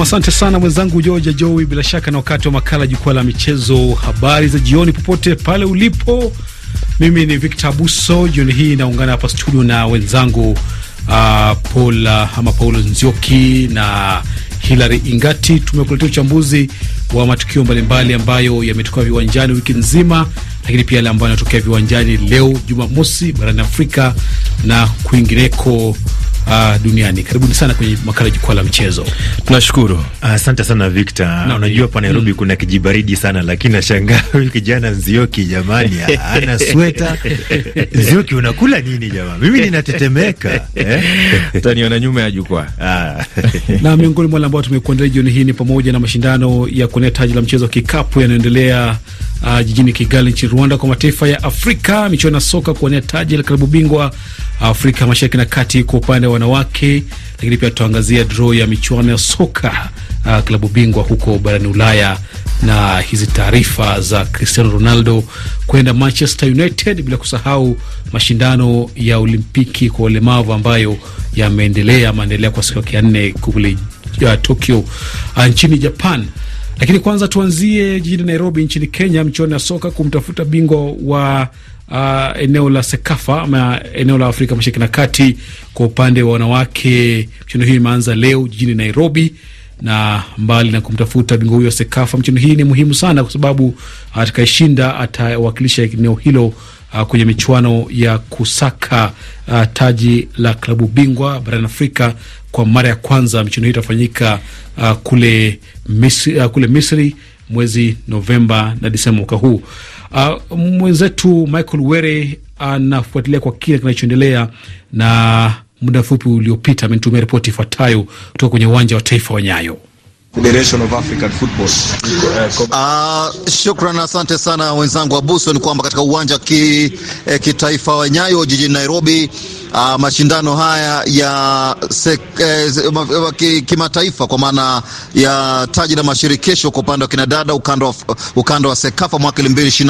Nam, asante sana mwenzangu Joja Joi. Bila shaka na wakati wa makala jukwaa la michezo, habari za jioni popote pale ulipo. Mimi ni Victor Abuso, jioni hii naungana hapa studio na wenzangu uh, Paula uh, ama Paulo Nzioki na Hilary Ingati. Tumekuletea uchambuzi wa matukio mbalimbali ambayo yametokea viwanjani wiki nzima, lakini pia yale ambayo yanatokea viwanjani leo Jumamosi barani Afrika na kwingineko uh, duniani. Karibuni sana kwenye makala jukwaa la michezo. Tunashukuru, asante uh, sana Victor. Na unajua hapa Nairobi mm. kuna kijibaridi sana, lakini nashangaa huyu kijana Nzioki jamani, ana sweta Nzioki, unakula nini jamani? Mimi ninatetemeka eh? Taniona nyuma ya jukwaa ah. na miongoni mwa wale ambao tumekuandalia jioni hii ni pamoja na mashindano ya kuonea taji la mchezo wa kikapu yanaendelea uh, jijini Kigali nchini Rwanda kwa mataifa ya Afrika. Michuano ya soka kuwania taji la klabu bingwa Afrika Mashariki na Kati kwa upande wa wanawake, lakini pia tutaangazia draw ya michuano ya soka uh, klabu bingwa huko barani Ulaya na hizi taarifa za Cristiano Ronaldo kwenda Manchester United, bila kusahau mashindano ya Olimpiki kwa ulemavu ambayo yameendelea maendelea kwa siku ya nne kule Tokyo, uh, nchini Japan. Lakini kwanza tuanzie jijini Nairobi nchini Kenya, mchuano ya soka kumtafuta bingwa wa uh, eneo la SEKAFA ama eneo la Afrika Mashariki na Kati kwa upande wa wanawake. Mchuano hiyo imeanza leo jijini Nairobi na mbali na kumtafuta bingwa huyo SEKAFA, mchuano hii ni muhimu sana kwa sababu atakayeshinda atawakilisha eneo hilo uh, kwenye michuano ya kusaka uh, taji la klabu bingwa barani Afrika kwa mara ya kwanza michuano hii itafanyika uh, kule, Misri, uh, kule Misri mwezi Novemba na Disemba mwaka huu. Uh, mwenzetu Michael Were anafuatilia uh, kwa kile kinachoendelea na muda mfupi uliopita amenitumia ripoti ifuatayo kutoka kwenye uwanja wa taifa wa Nyayo. Uh, shukran, asante sana wenzangu Abuso. Ni kwamba katika uwanja wa ki, eh, kitaifa wa Nyayo jijini Nairobi uh, mashindano haya ya eh, kimataifa kwa maana ya taji la mashirikisho kwa upande wa kinadada ukanda wa, ukanda wa Sekafa mwaka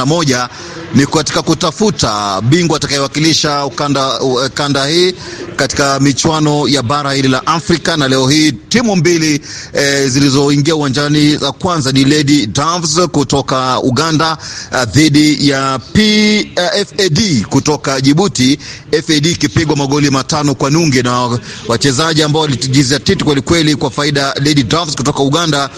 moja ni katika kutafuta bingwa atakayewakilisha ukanda, uh, kanda hii katika michuano ya bara hili la Afrika, na leo hii timu mbili eh, zilizoingia uwanjani za kwanza ni Lady Doves kutoka Uganda eh, dhidi uh, ya PFAD eh, uh, kutoka Jibuti, FAD ikipiga kupigwa magoli matano kwa nunge na wachezaji ambao walijizatiti kwelikweli kwa faida Lady Drafts kutoka Uganda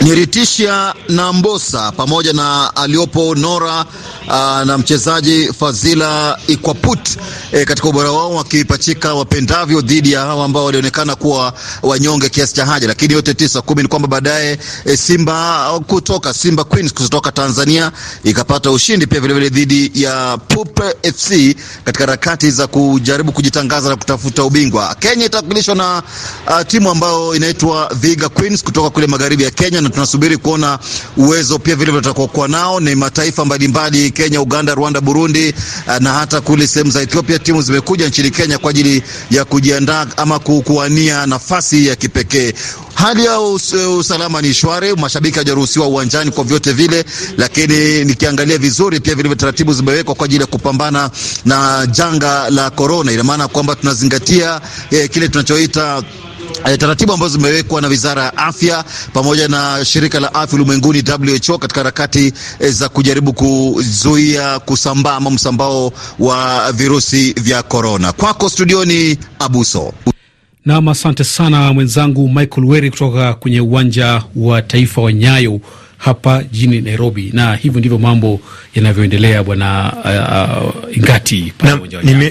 ni Ritisha na Mbosa pamoja na aliopo Nora aa, uh, na mchezaji Fazila Ikwaput e, katika ubora wao wakipachika wapendavyo dhidi ya hawa ambao walionekana kuwa wanyonge kiasi cha haja, lakini yote tisa kumi ni kwamba baadaye e, Simba uh, kutoka Simba Queens kutoka Tanzania ikapata ushindi pia vilevile dhidi ya Pupe FC katika harakati za kuj kujaribu kujitangaza na kutafuta ubingwa. Kenya itawakilishwa na uh, timu ambayo inaitwa Vihiga Queens kutoka kule magharibi ya Kenya, na tunasubiri kuona uwezo pia vile watakokuwa nao. Ni mataifa mbalimbali, Kenya, Uganda, Rwanda, Burundi uh, na hata kule sehemu za Ethiopia, timu zimekuja nchini Kenya kwa ajili ya kujiandaa ama kuwania nafasi ya kipekee. Hali ya us, usalama ni shwari, mashabiki hawajaruhusiwa uwanjani kwa vyote vile, lakini nikiangalia vizuri pia vile taratibu zimewekwa kwa ajili ya kupambana na janga la korona. Ina maana kwamba tunazingatia eh, kile tunachoita eh, taratibu ambazo zimewekwa na Wizara ya Afya pamoja na Shirika la Afya Ulimwenguni WHO katika harakati eh, za kujaribu kuzuia kusambaa ama msambao wa virusi vya korona. Kwako studioni, Abuso. Nam, asante sana mwenzangu Michael Weri kutoka kwenye uwanja wa taifa wa Nyayo hapa jijini Nairobi. Na hivyo ndivyo mambo yanavyoendelea, bwana uh, uh, Ngati.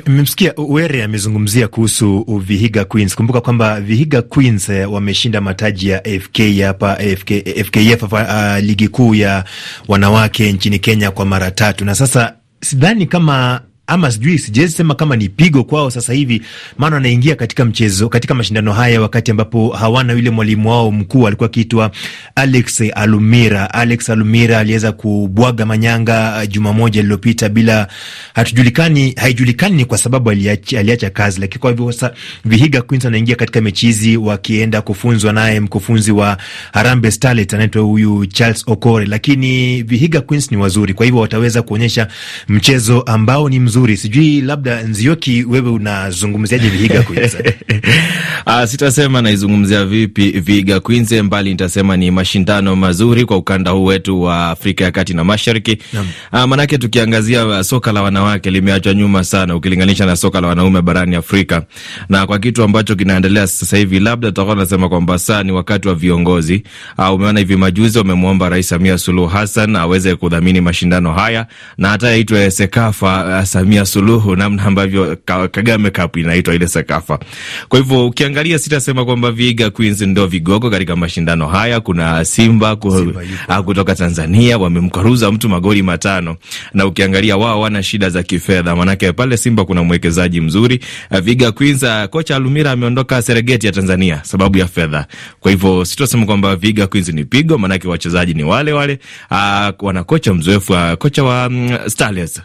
Nimemsikia Were amezungumzia kuhusu Vihiga Queens. Kumbuka kwamba Vihiga Queens eh, wameshinda mataji ya FK hapa FK, FKF e uh, ligi kuu ya wanawake nchini Kenya kwa mara tatu na sasa sidhani kama ama sijui, sijawezi sema kama ni pigo kwao sasa hivi, maana wanaingia katika mchezo, katika mashindano haya wakati ambapo hawana yule mwalimu wao mkuu alikuwa akiitwa Alex Alumira. Alex Alumira aliweza kubwaga manyanga uh, juma moja lililopita, bila hatujulikani, haijulikani ni kwa sababu aliacha, aliacha kazi. Lakini kwa hivyo sasa Vihiga Queens anaingia katika mechi hizi wakienda kufunzwa naye mkufunzi wa Harambee Starlets anaitwa huyu Charles Okore, lakini Vihiga Queens ni wazuri, kwa hivyo wataweza kuonyesha mchezo ambao ni mzuri nzuri. Sijui labda Nzioki, wewe unazungumziaje Vihiga Queens? Ah, sitasema naizungumzia vipi Vihiga Kwinze, mbali nitasema ni mashindano mazuri kwa ukanda huu wetu wa Afrika ya Kati na Mashariki. Ah, manake tukiangazia ah, soka la wanawake limeachwa nyuma sana ukilinganisha na soka la wanaume barani Afrika. Na kwa kitu ambacho kinaendelea sasa hivi, labda tutakuwa nasema kwamba saa ni wakati wa viongozi. Ah, umeona hivi majuzi wamemwomba Rais Samia Suluhu Hassan aweze kudhamini mashindano haya na hata yaitwe Sekafa ah, Samia Suluhu, namna ambavyo Kagame Cup inaitwa ile Sakafa. Kwa hivyo ukiangalia, sitasema kwamba Viga Queens ndo vigogo katika mashindano haya. Kuna Simba, ku, Simba a, ah, kutoka Tanzania wamemkaruza mtu magoli matano, na ukiangalia wao wana shida za kifedha, manake pale Simba kuna mwekezaji mzuri. Ah, Viga Queens, ah, kocha Alumira ameondoka Serengeti ya Tanzania sababu ya fedha. Kwa hivyo sitasema kwamba Viga Queens ni pigo, manake wachezaji ni wale wale, wana kocha mzoefu, kocha wa um, Starlets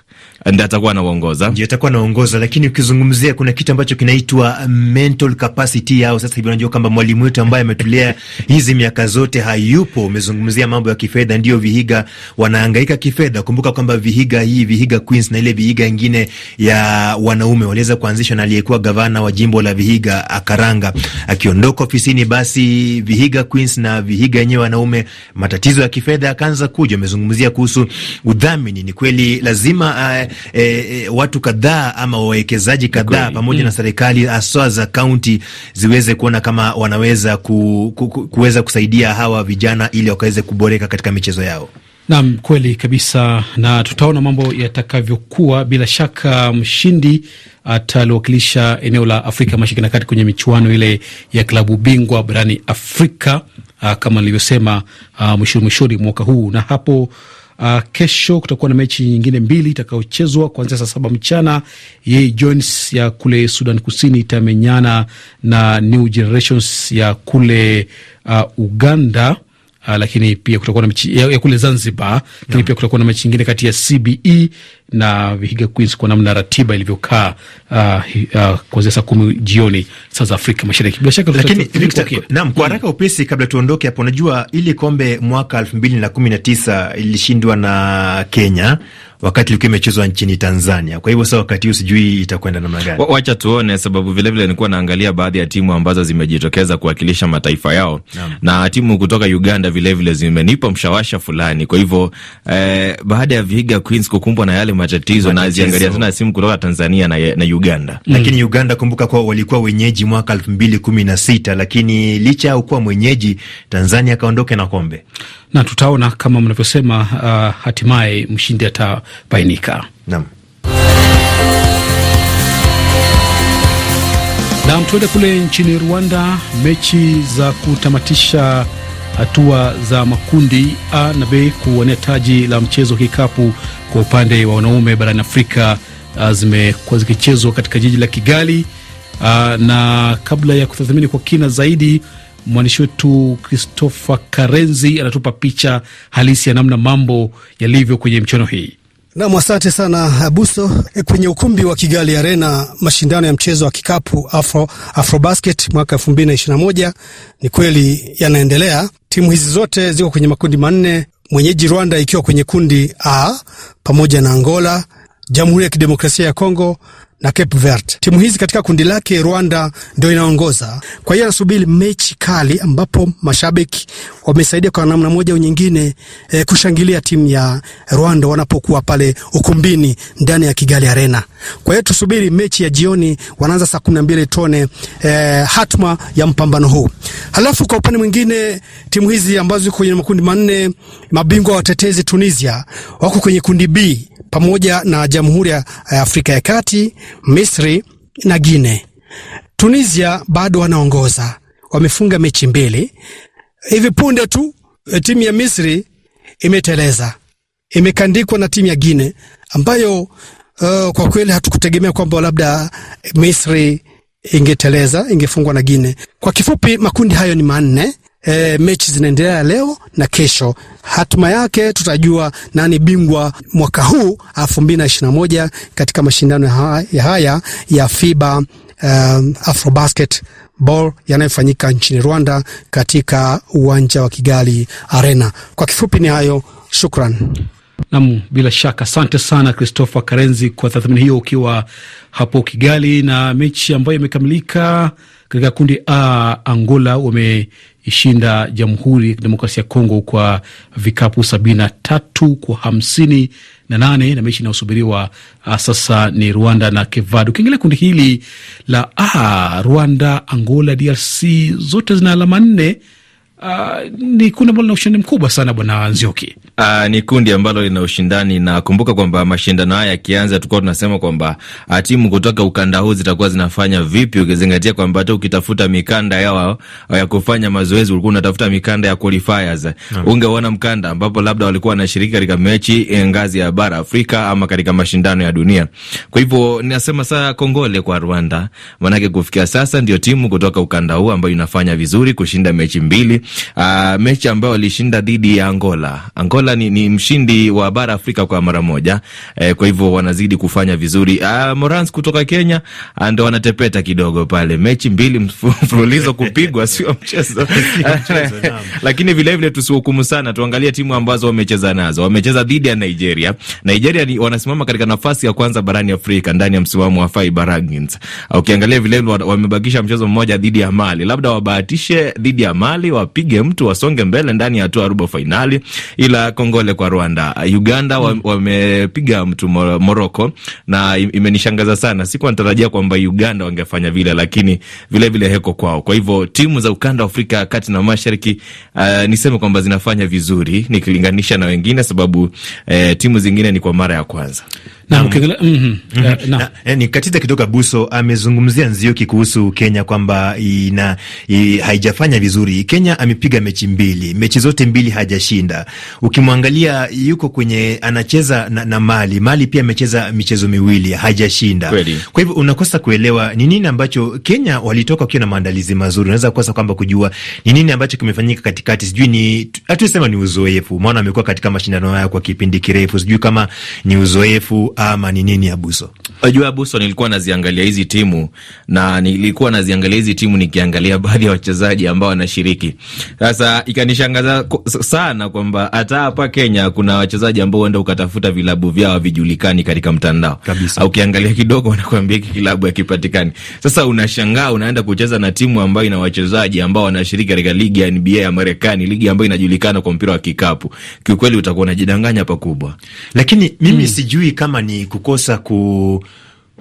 ndiye atakuwa anaongoza, ndio atakuwa anaongoza. Lakini ukizungumzia kuna kitu ambacho kinaitwa mental capacity yao. Sasa hivi unajua kwamba mwalimu wetu ambaye ametulea hizi miaka zote hayupo. Umezungumzia mambo ya kifedha, ndio Vihiga wanahangaika kifedha. Kumbuka kwamba Vihiga hii Vihiga Queens na ile Vihiga ingine ya wanaume waliweza kuanzishwa na aliyekuwa gavana wa jimbo la Vihiga Akaranga. Akiondoka ofisini, basi Vihiga Queens na Vihiga yenyewe wanaume, matatizo ya kifedha yakaanza kuja. Umezungumzia kuhusu udhamini, ni kweli lazima uh, e, watu kadhaa ama wawekezaji kadhaa pamoja mm. na serikali haswa za kaunti ziweze kuona kama wanaweza ku, ku, ku, kuweza kusaidia hawa vijana ili wakaweze kuboreka katika michezo yao. Naam, kweli kabisa, na tutaona mambo yatakavyokuwa. Bila shaka mshindi ataliwakilisha eneo la Afrika Mashariki na Kati kwenye michuano ile ya klabu bingwa barani Afrika, ah, kama nilivyosema ah, mwishoni mwishoni mwaka huu na hapo Uh, kesho kutakuwa na mechi nyingine mbili itakayochezwa kuanzia saa saba mchana. Yei Jones ya kule Sudan Kusini itamenyana na New Generations ya kule uh, Uganda. Uh, lakini pia kutakuwa na mechi ya, ya kule Zanzibar yeah. Lakini pia kutakuwa na mechi nyingine kati ya CBE na Vihiga Queens kwa namna ratiba ilivyokaa uh, uh, kuanzia saa kumi jioni saa za Afrika Mashariki bila shaka. Lakini naam, kwa mm. haraka upesi kabla tuondoke hapo, unajua ili kombe mwaka elfu mbili na kumi na tisa ilishindwa na Kenya wakati ilikuwa imechezwa nchini Tanzania. Kwa hivyo sasa wakati huu sijui itakwenda namna gani, wacha tuone, sababu vilevile nilikuwa naangalia baadhi ya timu ambazo zimejitokeza kuwakilisha mataifa yao na, na timu kutoka Uganda vilevile zimenipa mshawasha fulani. Kwa hivyo eh, baada ya Vihiga Queens kukumbwa na yale matatizo, na ziangalia tena simu kutoka Tanzania na, na Uganda mm. Lakini Uganda kumbuka kuwa walikuwa wenyeji mwaka elfu mbili kumi na sita, lakini licha ya kuwa mwenyeji Tanzania akaondoke na kombe na tutaona kama mnavyosema, uh, hatimaye mshindi atabainika. Naam. Nam, tuende kule nchini Rwanda. Mechi za kutamatisha hatua za makundi A na B kuwania taji la mchezo wa kikapu kwa upande wa wanaume barani Afrika uh, zimekuwa zikichezwa katika jiji la Kigali. Aa, uh, na kabla ya kutathmini kwa kina zaidi Mwandishi wetu Christopher Karenzi anatupa picha halisi ya namna mambo yalivyo kwenye mchuano hii. Nam, asante sana Abuso. Kwenye ukumbi wa Kigali Arena, mashindano ya mchezo wa kikapu Afro, Basket mwaka elfu mbili na ishirini na moja ni kweli yanaendelea. Timu hizi zote ziko kwenye makundi manne, mwenyeji Rwanda ikiwa kwenye kundi A pamoja na Angola, Jamhuri ya Kidemokrasia ya Kongo na Cape Verde. Timu hizi katika kundi lake Rwanda ndio inaongoza, kwa hiyo anasubiri mechi kali ambapo mashabiki wamesaidia kwa namna moja au nyingine e, kushangilia timu ya Rwanda wanapokuwa pale ukumbini ndani ya Kigali Arena. Kwa hiyo tusubiri mechi ya jioni, wanaanza saa kumi na mbili tone e, hatma ya mpambano huu. Halafu kwa upande mwingine timu hizi ambazo ziko kwenye makundi manne, mabingwa watetezi Tunisia wako kwenye kundi B pamoja na Jamhuri ya eh, Afrika ya Kati Misri na Guine. Tunisia bado wanaongoza, wamefunga mechi mbili. Hivi punde tu eh, timu ya Misri imeteleza, imekandikwa na timu ya Guine ambayo uh, kwa kweli hatukutegemea kwamba labda Misri ingeteleza, ingefungwa na Guine. Kwa kifupi, makundi hayo ni manne e, mechi zinaendelea leo na kesho. Hatima yake tutajua nani bingwa mwaka huu moja katika mashindano ya haya ya FIBA um, Afrobasket ball yanayofanyika nchini Rwanda katika uwanja wa Kigali Arena. Kwa kifupi ni hayo, shukran. Nam, bila shaka asante sana Christopher Karenzi kwa tathmini hiyo ukiwa hapo Kigali. Na mechi ambayo imekamilika katika kundi A, Angola wameishinda Jamhuri ya Kidemokrasia ya Kongo kwa vikapu sabini na tatu kwa hamsini na nane na mechi inayosubiriwa ah, sasa ni Rwanda na Kevad. Ukiingilia kundi hili la A, Rwanda, Angola, DRC zote zina alama nne. Ah, ni kundi ambalo lina ushindani mkubwa sana, Bwana Nzioki uh, ni kundi ambalo lina ushindani, na kumbuka kwamba mashindano haya yakianza, tulikuwa tunasema kwamba uh, timu kutoka ukanda huu zitakuwa zinafanya vipi, ukizingatia kwamba hata ukitafuta mikanda yao ah, ya kufanya mazoezi ulikuwa unatafuta mikanda ya qualifiers mm. Ungeona mkanda ambapo labda walikuwa wanashiriki katika mechi eh, ngazi ya bara Afrika ama katika mashindano ya dunia. Kwa hivyo ninasema sasa kongole kwa Rwanda, manake kufikia sasa ndio timu kutoka ukanda huu ambayo inafanya vizuri kushinda mechi mbili, uh, mechi ambayo walishinda dhidi ya Angola. Angola Uganda ni, ni mshindi wa bara Afrika kwa mara moja eh, kwa hivyo wanazidi kufanya vizuri. Uh, Morans kutoka Kenya ah, ndo wanatepeta kidogo pale, mechi mbili mfululizo kupigwa sio mchezo, lakini vilevile tusihukumu sana, tuangalie timu ambazo wamecheza nazo. Wamecheza dhidi ya Nigeria. Nigeria ni, wanasimama katika nafasi ya kwanza barani Afrika ndani ya msimamo wa Fiber Rankings. Ah, ukiangalia vilevile wamebakisha mchezo mmoja dhidi ya Mali, labda wabahatishe dhidi ya Mali, wapige mtu wasonge mbele ndani ya hatua ya robo fainali, ila kongole kwa Rwanda. Uganda mm. wamepiga wa mtu Moroko na imenishangaza sana, sikuwa natarajia kwamba Uganda wangefanya vile, lakini vilevile vile heko kwao. Kwa hivyo timu za ukanda wa Afrika ya kati na mashariki uh, niseme kwamba zinafanya vizuri nikilinganisha na wengine, sababu uh, timu zingine ni kwa mara ya kwanza. Mm-hmm. Mm-hmm. na mkigula, mm -hmm. yeah, na, na, ni katiza kutoka Buso amezungumzia Nzioki kuhusu Kenya kwamba ina i, haijafanya vizuri. Kenya amepiga mechi mbili, mechi zote mbili hajashinda. Ukimwangalia yuko kwenye anacheza na, na Mali. Mali pia amecheza michezo miwili hajashinda. Kwa hivyo unakosa kuelewa ni nini ambacho Kenya walitoka wakiwa na maandalizi mazuri, unaweza kukosa kwamba kujua ni nini ambacho kimefanyika katikati. Sijui ni hatuisema ni uzoefu, maana amekuwa katika mashindano haya kwa kipindi kirefu, sijui kama ni uzoefu ama ni nini Abuso? Unajua Abuso, nilikuwa naziangalia hizi timu na nilikuwa naziangalia hizi timu nikiangalia baadhi ya wachezaji ambao wanashiriki. Sasa ikanishangaza sana kwamba hata hapa Kenya kuna wachezaji ambao huenda ukatafuta vilabu vyao vijulikani katika mtandao kabisa. Ukiangalia kidogo, wanakuambia hiki kilabu hakipatikani. Sasa unashangaa unaenda kucheza na timu ambayo ina wachezaji ambao wanashiriki katika ligi ya NBA ya Marekani, ligi ambayo inajulikana kwa mpira wa kikapu. Kiukweli utakuwa unajidanganya pakubwa, lakini mimi hmm, sijui kama ni ni kukosa ku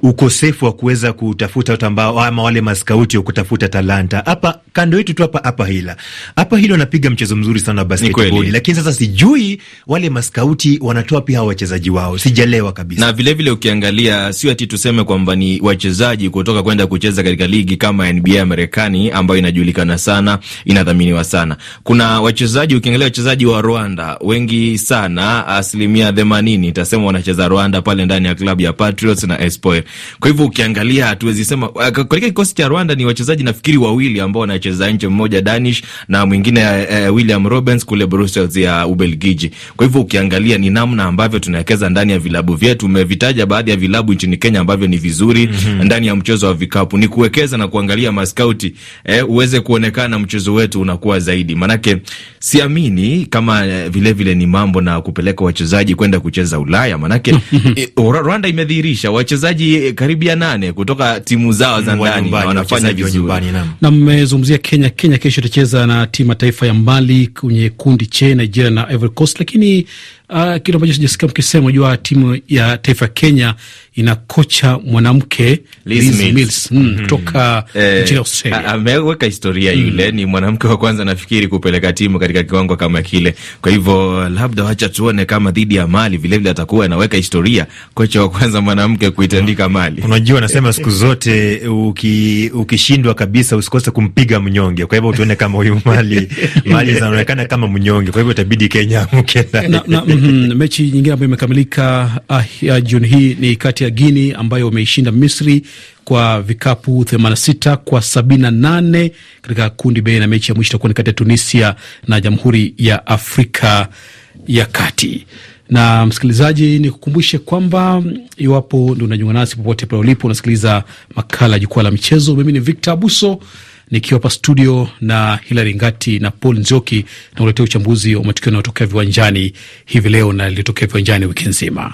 ukosefu wa kuweza kutafuta watu ambao ama wale maskauti wa kutafuta talanta hapa kando yetu tu hapa hapa hila hapa hilo anapiga mchezo mzuri sana wa basketball, lakini sasa sijui wale maskauti wanatoa pia hao wachezaji wao, sijalewa kabisa. Na vilevile vile ukiangalia, sio ati tuseme kwamba ni wachezaji kutoka kwenda kucheza katika ligi kama NBA ya Marekani ambayo inajulikana sana, inadhaminiwa sana. Kuna wachezaji ukiangalia, wachezaji wa Rwanda wengi sana, asilimia themanini tasema wanacheza Rwanda pale ndani ya klabu ya Patriots na Espoir kwa hivyo ukiangalia, hatuwezi sema eh, katika kikosi cha Rwanda ni wachezaji nafikiri wawili ambao wanacheza nje, mmoja Danish na mwingine uh, William Robens kule Brussels ya Ubelgiji. Kwa hivyo ukiangalia ni namna ambavyo tunawekeza ndani ya vilabu vyetu. Umevitaja baadhi ya vilabu nchini Kenya ambavyo ni vizuri mm -hmm. ndani ya mchezo wa vikapu ni kuwekeza na kuangalia maskauti eh, uweze kuonekana mchezo wetu unakuwa zaidi, manake siamini kama vilevile vile ni mambo na kupeleka wachezaji kwenda kucheza Ulaya, manake Rwanda imedhihirisha wachezaji karibu ya nane kutoka timu zao za mm, ndani na wanafanya vizuri. Na mmezungumzia Kenya. Kenya kesho itacheza na timu ya taifa ya Mali kwenye kundi C, Nigeria na Ivory Coast, lakini Uh, ah, kitu ambacho sijasikia mkisema jua timu ya taifa Kenya ina kocha mwanamke Liz Mills, Mills. Mm, mm. Kutoka eh, nchini Australia ameweka historia mm. Yule ni mwanamke wa kwanza nafikiri kupeleka timu katika kiwango kama kile. Kwa hivyo labda wacha tuone kama dhidi ya Mali vilevile atakuwa anaweka historia, kocha wa kwanza mwanamke kuitandika Mali. Unajua anasema siku zote uki, ukishindwa kabisa usikose kumpiga mnyonge. Kwa hivyo tuone kama huyu Mali Mali zinaonekana kama mnyonge, kwa hivyo itabidi Kenya amke Mm, mechi nyingine ambayo imekamilika ah, jioni hii ni kati ya Guini ambayo wameishinda Misri kwa vikapu 86 kwa 78 katika kundi bei na mechi ya mwisho itakuwa ni kati ya Tunisia na Jamhuri ya Afrika ya Kati. Na msikilizaji, ni kukumbushe kwamba iwapo ndo unajiunga nasi popote pale ulipo unasikiliza makala ya Jukwaa la Michezo, mimi ni Victor Abuso nikiwa hapa studio na Hilari Ngati na Paul Nzioki, na kuletea uchambuzi wa matukio yanayotokea viwanjani hivi leo na liliotokea viwanjani wiki nzima.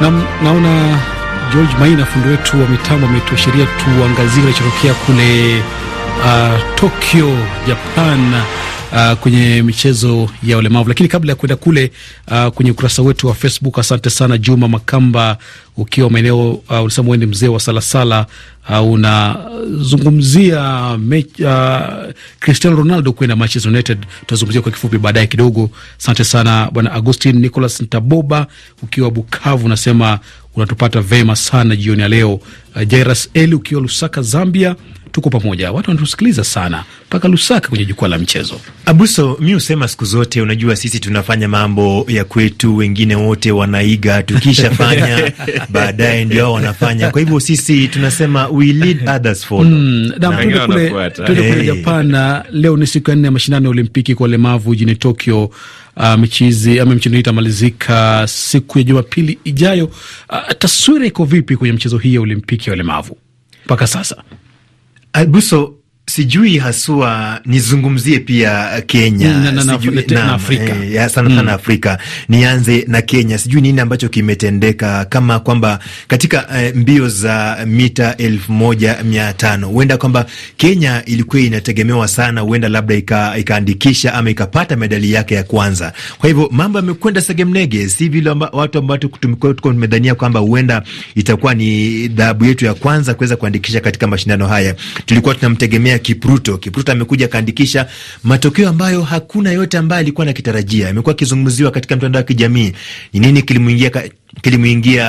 Na, naona George Maina fundi wetu wa mitambo ametuashiria tuangazie kinachotokea kule uh, Tokyo, Japan uh, kwenye michezo ya ulemavu. Lakini kabla ya kuenda kule, uh, kwenye ukurasa wetu wa Facebook, asante sana Juma Makamba ukiwa maeneo uh, ulisema uende mzee wa Salasala uh, unazungumzia uh, Cristiano Ronaldo kwenda Manchester United. Tutazungumzia kwa kifupi baadaye kidogo. Asante sana bwana Agustin Nicolas Ntaboba ukiwa Bukavu, unasema unatupata vema sana jioni ya leo. Uh, Jairas Eli ukiwa Lusaka, Zambia tuko pamoja, watu wanatusikiliza sana mpaka Lusaka kwenye jukwaa la mchezo. Abuso, mi husema siku zote, unajua sisi tunafanya mambo ya kwetu, wengine wote wanaiga, tukishafanya baadaye ndio wao wanafanya. Kwa hivyo sisi tunasema we lead others follow. Mm, kule hey, Japan. Leo ni siku ya nne ya mashindano ya Olimpiki kwa walemavu jijini Tokyo. Uh, michizi ama ah, michezo hii itamalizika siku ya Jumapili ijayo. Uh, taswira iko vipi kwenye mchezo hii ya Olimpiki ya walemavu mpaka sasa? Ay, gusto, sijui haswa nizungumzie pia Kenya mm, na, na, sijui, na, na Afrika. Eh, sana sana mm. Afrika nianze na Kenya, sijui nini ambacho kimetendeka kama kwamba katika e, mbio za mita elfu moja mia tano huenda kwamba Kenya ilikuwa inategemewa sana, huenda labda ikaandikisha ika ama ikapata medali yake ya kwanza. Kwa hivyo mambo yamekwenda segemnege, si vile watu ambao tumedhania kwamba huenda itakuwa ni dhahabu yetu ya kwanza kuweza kuandikisha katika mashindano haya. Tulikuwa tunamtegemea Kipruto. Kipruto amekuja akaandikisha matokeo ambayo hakuna yote ambaye alikuwa anakitarajia. Amekuwa akizungumziwa katika mtandao wa kijamii. Ni nini kilimuingia ka kilimuingia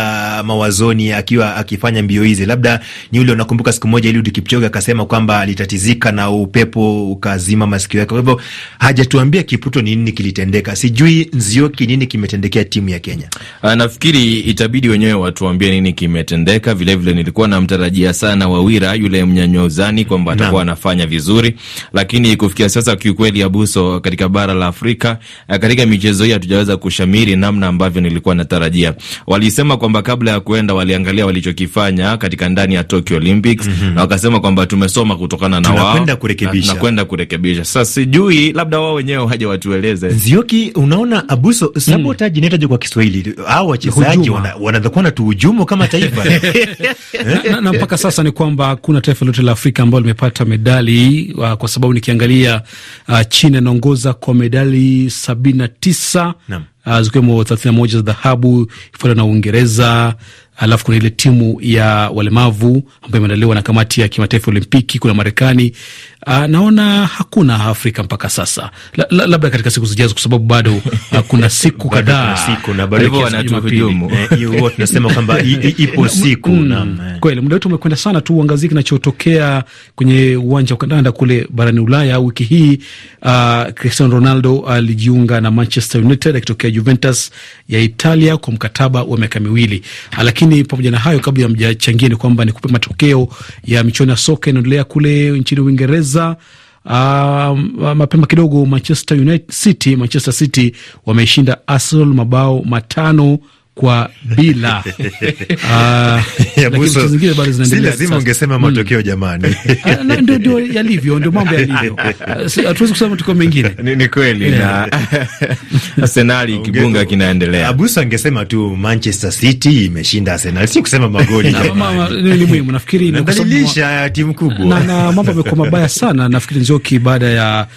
mawazoni akiwa akifanya mbio hizi. Labda ni ule unakumbuka, siku moja Eliud Kipchoge akasema kwamba alitatizika na upepo ukazima masikio yake. Kwa hivyo hajatuambia Kipruto ni nini kilitendeka. Sijui Nzioki nini kimetendekea timu ya Kenya. Ah, nafikiri itabidi wenyewe watuambie nini kimetendeka. Vilevile vile nilikuwa namtarajia sana Wawira yule mnyanyozani kwamba atakuwa na wanafanya vizuri, lakini kufikia sasa kiukweli, Abuso, katika bara la Afrika eh, katika michezo hii hatujaweza kushamiri namna ambavyo nilikuwa natarajia. Walisema kwamba kabla ya kuenda waliangalia walichokifanya katika ndani ya Tokyo Olympics mm -hmm. na wakasema kwamba tumesoma kutokana na wao na kwenda kurekebisha. Sasa sijui labda wao wenyewe haja watueleze Nzioki, unaona Abuso, hmm. sabotaji mm. inataje kwa Kiswahili au wachezaji wanadhakwana na tuhujumu kama taifa na, na, na mpaka sasa ni kwamba kuna taifa lote la Afrika ambalo limepata medali medali uh, kwa sababu nikiangalia uh, China inaongoza kwa medali sabini na tisa uh, zikiwemo thelathini na moja za dhahabu ifuata na Uingereza alafu kuna ile timu ya walemavu ambayo imeandaliwa na kamati ya kimataifa Olimpiki, kuna Marekani. Uh, naona hakuna Afrika mpaka sasa, la, la, labda katika siku zijazo, kwa sababu bado uh, kuna siku kadhaa kweli. Muda wetu umekwenda sana, tu tuangazie kinachotokea kwenye uwanja wa kandanda kule barani Ulaya. Wiki hii uh, Cristiano Ronaldo alijiunga na Manchester United akitokea Juventus ya Italia kwa mkataba wa miaka miwili, ah, lakini lakini pamoja na hayo, kabla mjachangia ni kwamba nikupe matokeo ya michuano ya soka inaendelea kule nchini Uingereza. Uh, mapema kidogo Manchester United City, Manchester City wameshinda Arsenal mabao matano kwa bila ah, si lazima ungesema hmm. matokeo jamani, ah, ndio ndio yalivyo, ndio mambo yalivyo, ah, hatuwezi kusema matokeo mengine. Ni kweli na Arsenali kibunga kinaendelea. Abusa angesema tu Manchester City imeshinda Arsenal, si kusema magoli. Ni muhimu nafikiri nadhalilisha timu kubwa, na na mambo yamekuwa mabaya sana. Nafikiri Njoki, baada ya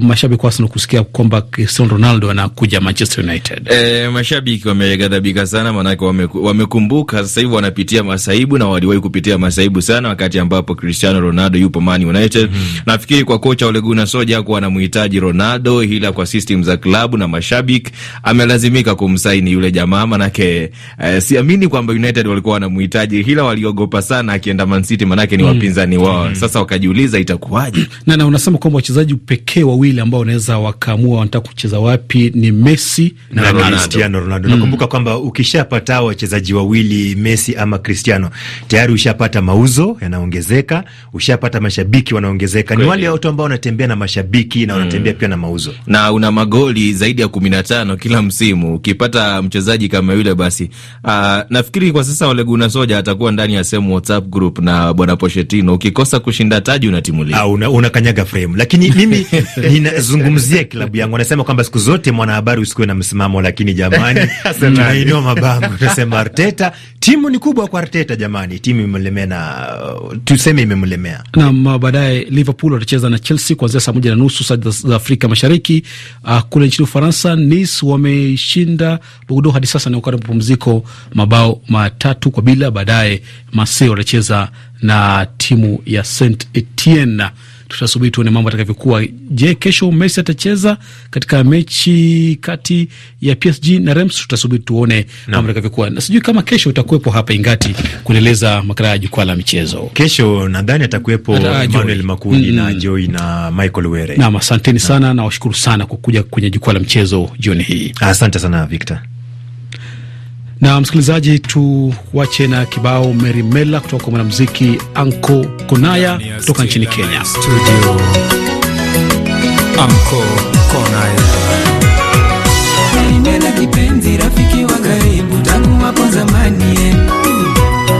mashabiki wa Arsenal kusikia kwamba Cristiano Ronaldo anakuja Manchester United, eh, mashabiki wame wanagadhabika sana, maanake wamekumbuka wame sasa hivi wanapitia masaibu na waliwahi kupitia masaibu sana, wakati ambapo Cristiano Ronaldo yupo Man United. mm -hmm. Nafikiri kwa kocha Ole Gunnar Solskjaer hakuwa anamhitaji Ronaldo, ila kwa system za klabu na mashabiki amelazimika kumsaini yule jamaa, maanake eh, siamini kwamba United walikuwa wanamhitaji, ila waliogopa sana akienda Man City, maanake ni mm -hmm. wapinzani wao. mm -hmm. Sasa wakajiuliza itakuwaje? na na unasema kwamba wachezaji pekee wawili ambao wanaweza wakaamua wanataka kucheza wapi ni Messi na, na Ronaldo. Cristiano Ronaldo nakumbuka mm kwamba ukishapata wachezaji wawili Messi ama Cristiano, tayari ushapata mauzo yanaongezeka, ushapata mashabiki wanaongezeka. Ni wale watu ambao wanatembea na mashabiki na wanatembea mm, pia na mauzo, na una magoli zaidi ya kumi na tano kila msimu. Ukipata mchezaji kama yule basi, uh, nafikiri kwa sasa Ole Gunnar Solskjaer atakuwa ndani ya same WhatsApp group na bwana Pochettino, ukikosa kushinda taji unatimulia, ah, una, unakanyaga frame. Lakini mimi ninazungumzia klabu yangu, anasema kwamba siku zote mwanahabari usikuwe na msimamo, lakini jamani unainua mabango unasema Arteta, timu ni kubwa kwa Arteta. Jamani, timu imemlemea na uh, tuseme imemlemea nam. Uh, baadaye Liverpool watacheza na Chelsea kuanzia saa moja na nusu saa za Afrika Mashariki. Uh, kule nchini Ufaransa, Nice wameshinda Bordeaux hadi sasa ni wakati wa mapumziko mabao matatu kwa bila. Baadaye Marseille watacheza na timu ya Saint Etienne tutasubiri tuone mambo atakavyokuwa. Je, kesho Messi atacheza katika mechi kati ya PSG na rem Tutasubiri tuone mambo atakavyokuwa, na sijui kama kesho utakuwepo hapa ingati kueleza makala ya jukwaa la michezo. Kesho nadhani atakuwepo Emmanuel Makundi na Joy na Michael Were. Naam, asanteni sana na washukuru sana kwa kuja kwenye jukwaa la mchezo jioni hii. Asante sana Victor. Na msikilizaji, tuwache na kibao meri Mela kutoka kwa mwanamuziki Anko Konaya kutoka nchini Kenya. Studio Anko Konaya, kipenzi rafiki wa karibu tangu hapo zamani,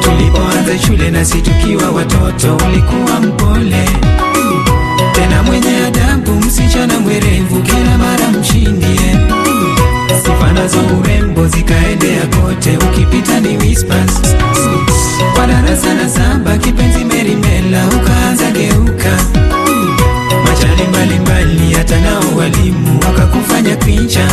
tulipoanza shule nasi tukiwa watoto, ulikuwa mpole tena mwenye adabu, msichana mwerevu, kila mara mshindie Sifana za urembo zikaendea kote, ukipita ni whispers. Kwa darasa la saba kipenzi merimela, ukaanza geuka majani mbalimbali, hata nao walimu wakakufanya picha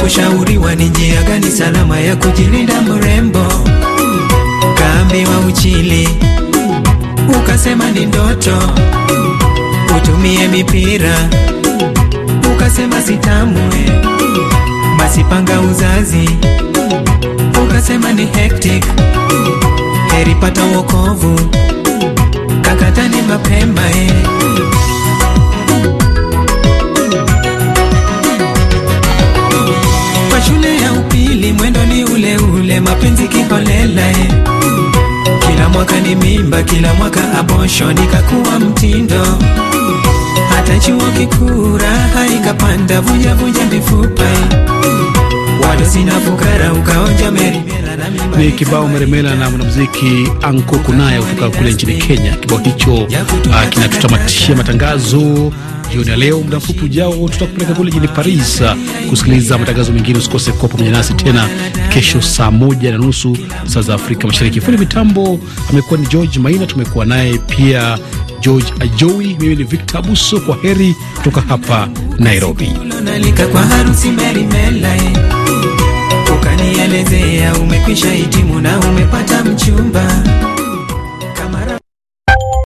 kushauriwa ni njia gani salama ya kujilinda mrembo. Kaambiwa uchili, ukasema ni ndoto. Utumie mipira, ukasema sitamwe. Basi panga uzazi, ukasema ni hectic. Heri pata wokovu, kakatani mapema eh. mapenzi kiholela eh. Kila mwaka ni mimba, kila mwaka abortion ikakuwa mtindo, hata chuo kikura raha vuja vuja mifupa ni kibao meremela na mwanamuziki Anko Kunaya kutoka kule nchini Kenya. Kibao hicho uh, ah, kinatutamatishia matangazo jioni ya leo. Muda mfupi ujao tutakupeleka kule jijini Paris uh, kusikiliza matangazo mengine. Usikose kuwa pamoja nasi tena kesho saa moja na nusu saa za Afrika Mashariki. Fundi mitambo amekuwa ni George Maina, tumekuwa naye pia George ajoi Mimi ni Victor Abuso, kwa heri kutoka hapa Nairobi. Ukanielezea umekwisha hitimu na umepata mchumba